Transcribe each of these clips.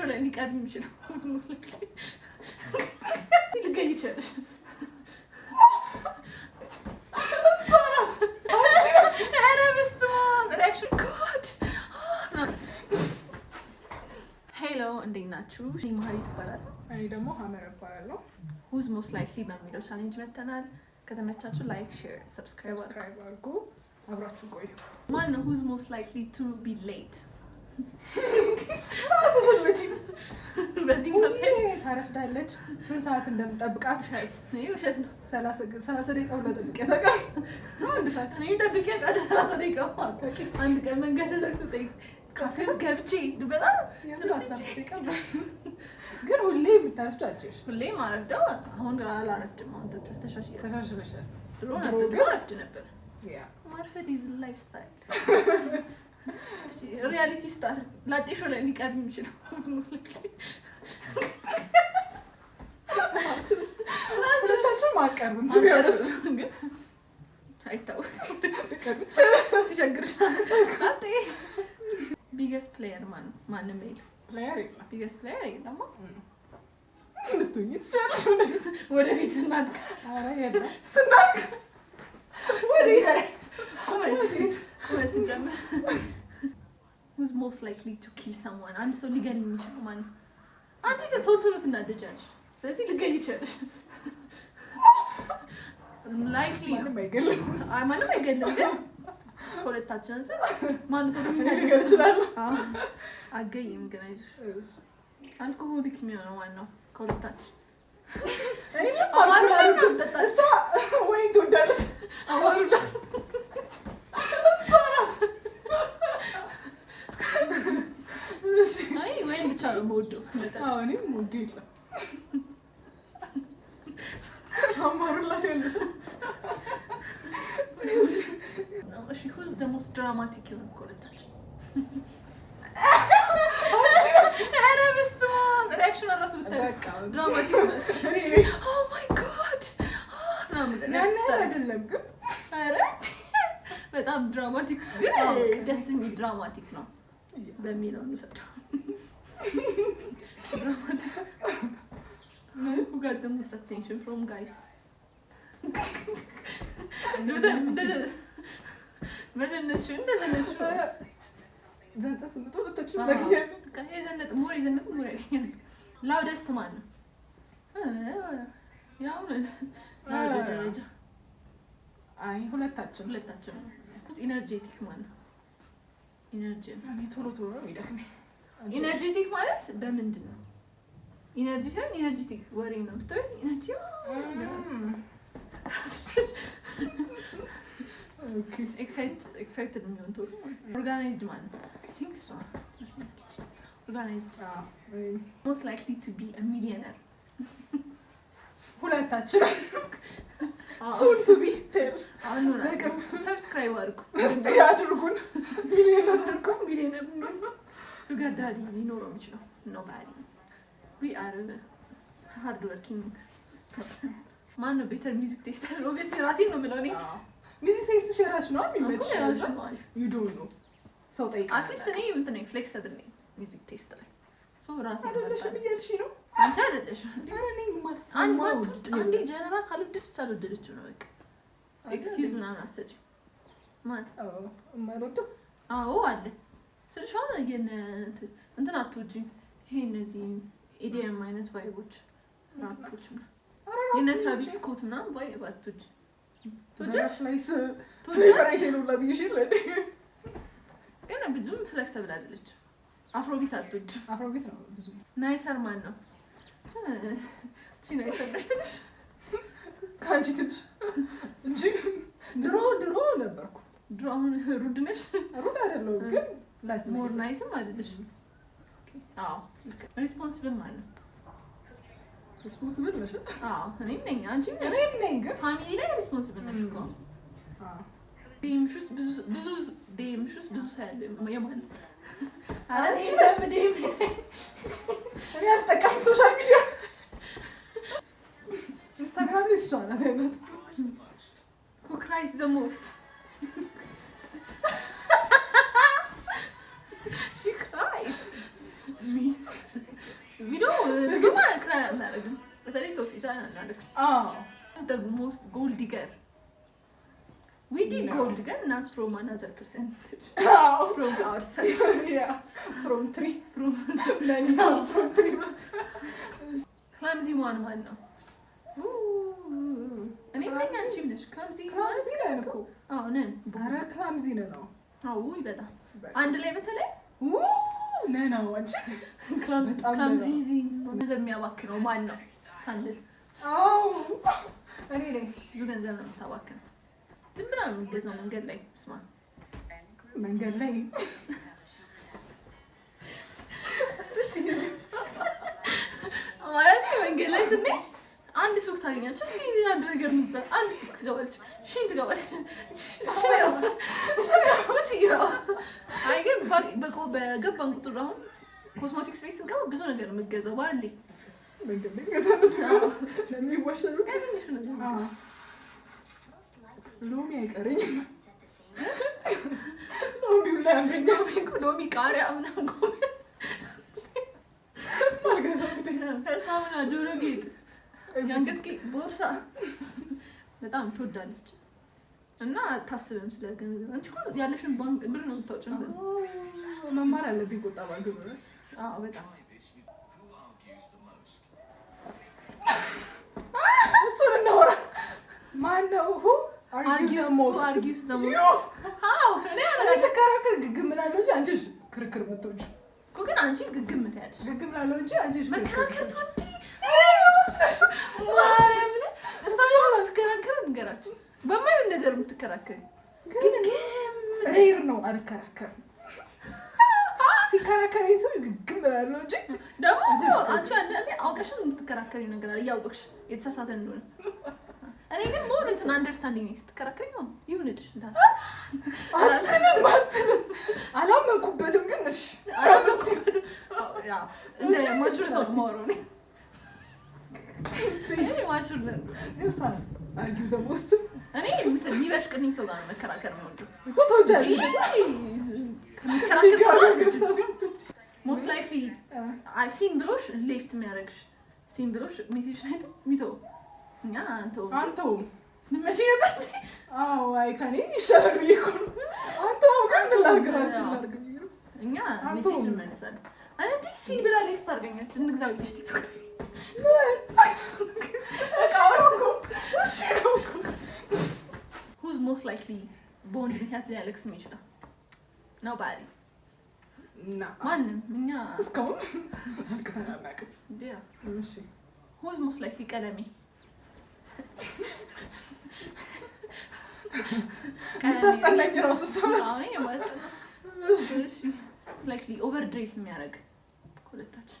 መጨረሻው ላይ ሊቀርብ የሚችለው ልገኝ ይችላል። ሄሎ እንዴት ናችሁ? ማህሌት እባላለሁ። እኔ ደግሞ ሀመር እባላለሁ። ሁዝ ሞስት ላይክሊ በሚለው ቻሌንጅ መተናል። ከተመቻችሁ ላይክ፣ ሼር፣ ሰብስክራይብ አድርጉ። አብራችሁ ቆዩ። ማን ነው ሁዝ ሞስት ላይክሊ ቱ ቢ ሌት በዚህ ታረፍዳለች። ስንት ሰዓት እንደምጠብቃት አንድ ቀን መንገድ ካፌ ውስጥ ገብቼ ግን ሁሌ የምታረፍደው አጭሽ ሁሌ ማረፍደው አሁን አላረፍድም። አሁን ተሻሽለሻል። ድሮ ረፍድ ነበር። ማርፈድ ኢዝ ላይፍ ስታይል ሪያሊቲ ስታር ላጤሾ ላይ ሊቀርብ የሚችለው ሁለታችንም አቀርብም ቢገስ ፕሌየር ማን ነው? ማንም የለም። ቢገስ ፕሌየር የለም። ወደፊት ስናድግ ስናድግ ወደፊት ስንጀምር ሞስት ላይክሊ ቱ ኪል ሰምዋን አንድ ሰው ሊገል የሚችለው ማለት ነው። አንድ ጊዜ ቶሎ ቶሎ ትናደጃለሽ፣ ስለዚህ ልገል ይችላል። ላይክሊ ማንም ማንም አይገልም ግን ከሁለታችን አንፃር ማንም ሰው ሊገል ይችላል። አገይም ግን አይዞሽ አልኮሆሊክ የሚሆነው ዋናው ከሁለታችን እኔ ማለት ነው። ወይ ትወዳለች አዋሩላት ወይን ብቻ ነው የምወደው። እኔም ወደ የለም አማሩላት ያለሽ ሁዝ ደ ሞስት ድራማቲክ የሆነ ኮረታችን ሪያክሽን ራሱ ብታዩት ድራማቲክ ማይ ጋድ አይደለም ግን በጣም ድራማቲክ oh, ደስ የሚል ድራማቲክ ነው በሚለው እንውሰደው። Who got the most attention from guys? ላውደስት ማን ነው? አይ ሁለታችን ሁለታችን ኢነርጄቲክ ማን ነው? ኢነርጂ ቶሎ ቶሎ ነው የሚደክመኝ ኢነርጂቲክ ማለት በምንድን ነው? ኢነርጂ ሳይሆን ኢነርጂቲክ ወሬ ነው። ስታዩ ኢነርጂ ኤክሳይትድ የሚሆን ቶሎ ኦርጋናይዝድ ማለት ቲንክ እሷ ኦርጋናይዝድ ሞስት ላይክሊ ቱ ቢ አ ሚሊዮነር ሁለታችን ሱን ቱ ቢ ሰብስክራይብ አድርጉ፣ አድርጉን ሚሊዮነር አድርጉ ሚሊዮነር ጋዳሊ ሊኖረው የሚችለው ኖባዲ ዊ አር ሃርድ ወርኪንግ ፐርሰን። ማነው ቤተር ሚዚክ ቴስተር? ኦብቪየስሊ ራሴ ነው የምለው እኔ። ሚዚክ ቴስትሽ የራስሽ ነው የሚመችሽ ዩ ዶ ነው ሰው ጠይቃ። አትሊስት እኔ እንትን ነኝ፣ ፍሌክስብል ነኝ። ሚዚክ ቴስት ላይ ራሴ ብያልሽ ነው አንቺ አይደለሽም። አንዴ ጀነራል ካልወደደች አልወደደችው ነው በቃ። ኤክስኪውዝ ምናምን አትሰጪም። ማን የማልወደው? አዎ አለ ስልሻ ስልሽ እንትን አትወጂም። ይሄ እነዚህ ኢዲኤም e አይነት ቫይቦች ራፖች የነ ትራቪስ ስኮት ምናምን ባይ ባትወጂ ግን ብዙም ፍለክሰብል አይደለች። አፍሮቢት አትወጂም። አፍሮቢት ነው ብዙ ናይሰር ማን ነው? ናይሰር ትንሽ ከአንቺ ትንሽ እንጂ ድሮ ድሮ ነበርኩ። ድሮ አሁን ሩድ ነሽ? ሩድ አይደለሁም ግን Less more medicine. nice mă deci. Okay. Au. Responsible ማለት ሪስፖንስብል ነሽ? አዎ እኔም ነኝ፣ አንቺም ነሽ። እኔም ነኝ፣ ግን ፋሚሊ ላይ ሪስፖንስብል ነሽ እኮ። ዴምሽ ውስጥ ብዙ ብዙ ዴምሽ ውስጥ ብዙ ሰው ያለው የማን አንቺ ነሽ። ዴም እኔ አልጠቀምም ሶሻል ሚዲያ ኢንስታግራም እሷ ናት አይነት ኩክራይስ ዘ ሞስት ቪዲዮ ብዙም ክራይ አናደርግም። በተለይ ሰው ፊት ደግሞ ውስጥ ጎልዲገር ዊዲ ጎልዲገር ናት ፍሮም አናዘር ፐርሰን ፍሮም አወር ሰልፍ ፍሮም ትሪ ፍሮም ትሪ ክላምዚ ማን ማን ነው? እኔ ምን አንቺ ምንሽ ክላምዚ ክላምዚ ነን እኮ አዎ ነን። ኧረ ክላምዚ ነን። አዎ በጣም አንድ ላይ በተለይ ገንዘብ የሚያባክነው ማን ነው ሳንል፣ እኔ ብዙ ገንዘብ ነው የምታባክነው። ዝም ብላ ነው የሚገዛው መንገድ ላይ ስማ፣ መንገድ ላይ ማለት መንገድ ላይ ስንሄድ አንድ ሱቅ ታገኛለች። እስኪ አንድ ነገር አንድ ሱቅ ትገባለች፣ ትገባለች በገባን ቁጥር አሁን ኮስሞቲክስ ቤት ስንገባ ብዙ ነገር የምገዛው በአንዴ ሎሚ አይቀረኝም። ሎሚ፣ ቃሪያ ምናምን ሳሙና፣ ጆሮ ጌጥ፣ የአንገት ጌጥ፣ ቦርሳ በጣም ትወዳለች እና አታስብም ስለ ገንዘብ። አንቺ እኮ ያለሽን ባንክ ብር ነው የምታወጪው። መማር አለብኝ ቁጠባ። አዎ በጣም እሱን እናወራ። ማነው ስከራከር ግግም እላለሁ እንጂ አንቺ ክርክር የምትወጪው እኮ ግን አንቺ ግግም ትያለሽ። ግግም እላለሁ እንጂ አንቺ መከራከር ማርያምን እሷ የምትከራከር ንገራችን በማይሆን ነገር የምትከራከር ግግም ነው። አልከራከርም የሚከራከረኝ ሰው ግግም እላለሁ እንጂ ደግሞ አንቺ አውቀሽም የምትከራከሪ ነገር አለ እያወቅሽ የተሳሳተ እንደሆነ። እኔ ግን ሞር እንትን አንደርስታንዲንግ ስትከራከሪ ነው ይሁንልሽ። አትልም አትልም አላመንኩበትም፣ ግን እሺ አላመንኩበትም። ማቹር ሰው ማወራው ነው እኔ የሚበሽቅልኝ ሰው ጋር ነው መከራከር ነው ከሚከራከር ሰው ጋር ሞስት ላይፍ ሲም ብሎሽ ሌፍት የሚያደርግሽ ሲም ብሎሽ ሜሴጅ ላይ ሚተው እኛ አንተው አንተው መቼ ነበር አይ ከኔ ይሻላል ብዬ እኮ አንተው ቀንድ ላገራችን ላርግ እኛ ሜሴጅ እንመልሳለን። አንዲ ሲም ብላ ሌፍት አድርገኛች እንግዛ ብዬሽ ቲክቶክ ሁዝ ሞስት ላይክሊ በወንድ ምክንያት ሊያለቅስ የሚችለው ነው ማንም እኛ እስካሁን ልቅሰን አናውቅም። ሁዝ መስለኪ ቀለሜ ታስጠላኝ ራሱ ኦቨር ድሬስ የሚያደርግ ሁለታችን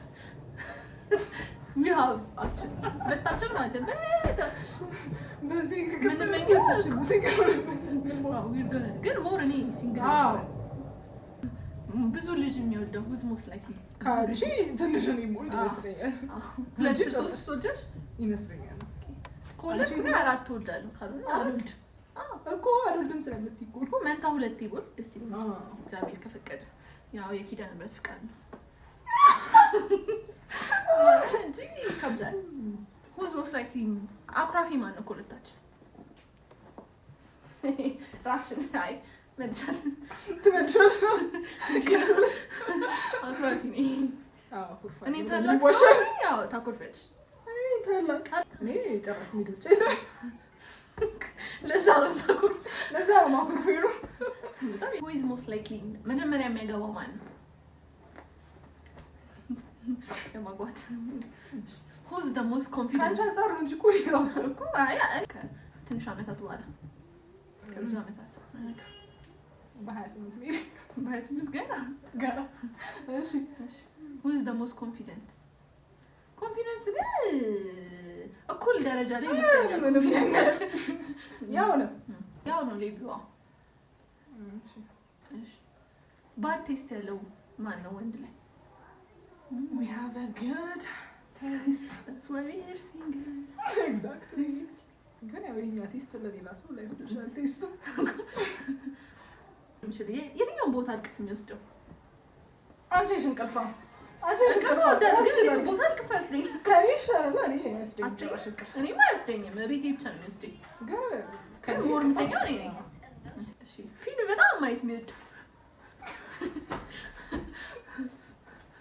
መታችም አለ ግን ሞር እኔ ሲንግል ብዙ ልጅ የሚወልደው ውዝ ሞስ ላይ ትንሽ ይመስለኛል። ከወለድኩ እኔ አራት እወልዳለሁ ካልሆነ አልወልድም እኮ አልወልድም ስለምትይ መንታ ሁለቴ ቦል ደስ ይለኛል እግዚአብሔር ከፈቀደ። ያው የኪዳነ ምሕረት ፍቃድ ነው። እንጂ ይከብዳል። ሁዝ ሞስ ላይክ አኩራፊ ማን ነው? ሁለታችን ራስሽን አይ መጀመሪያ የሚያገባው ማን ነው? የማጓት ሁዝ ደ ሞስት ኮንፊደንስ ከአንቺ አንጻር ነው እንጂ እኮ እራሱ እኮ አይ ከትንሽ ዓመታት በኋላ ከብዙ ዓመታት በሀያ ስምንት በሀያ ስምንት ገና ገና እሺ እሺ ሁዝ ደ ሞስት ኮንፊደንት ኮንፊደንስ ግን እኩል ደረጃ ላይ ይመስለኛል። ኮንፊደንስ ያው ነው ያው ነው ሌብሏ ባድ ቴስት ያለው ማን ነው ወንድ ላይ We have a good taste. That's why we are single. Exactly. ግን ያው የኛ ቴስት ለሌላ ሰው ላይሆን ይችላል። ቴስቱ ምችል የትኛውን ቦታ አልቅፍ የሚወስደው አንቺ ሽንቅልፋ ቦታ አልቅፍ ፊልም በጣም ማየት የሚወድ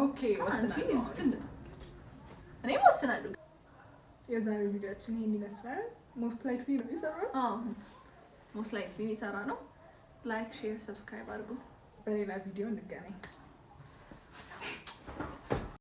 ኦኬ እኔ ወስናለሁ። የዛሬው ቪዲዮችን ይሄን ይመስላል። ሞስት ላይክሊ ነው የሰራው። አዎ ሞስት ላይክሊ የሰራ ነው። ላይክ፣ ሼር፣ ሰብስክራይብ አድርጉ። በሌላ ቪዲዮ እንገናኝ።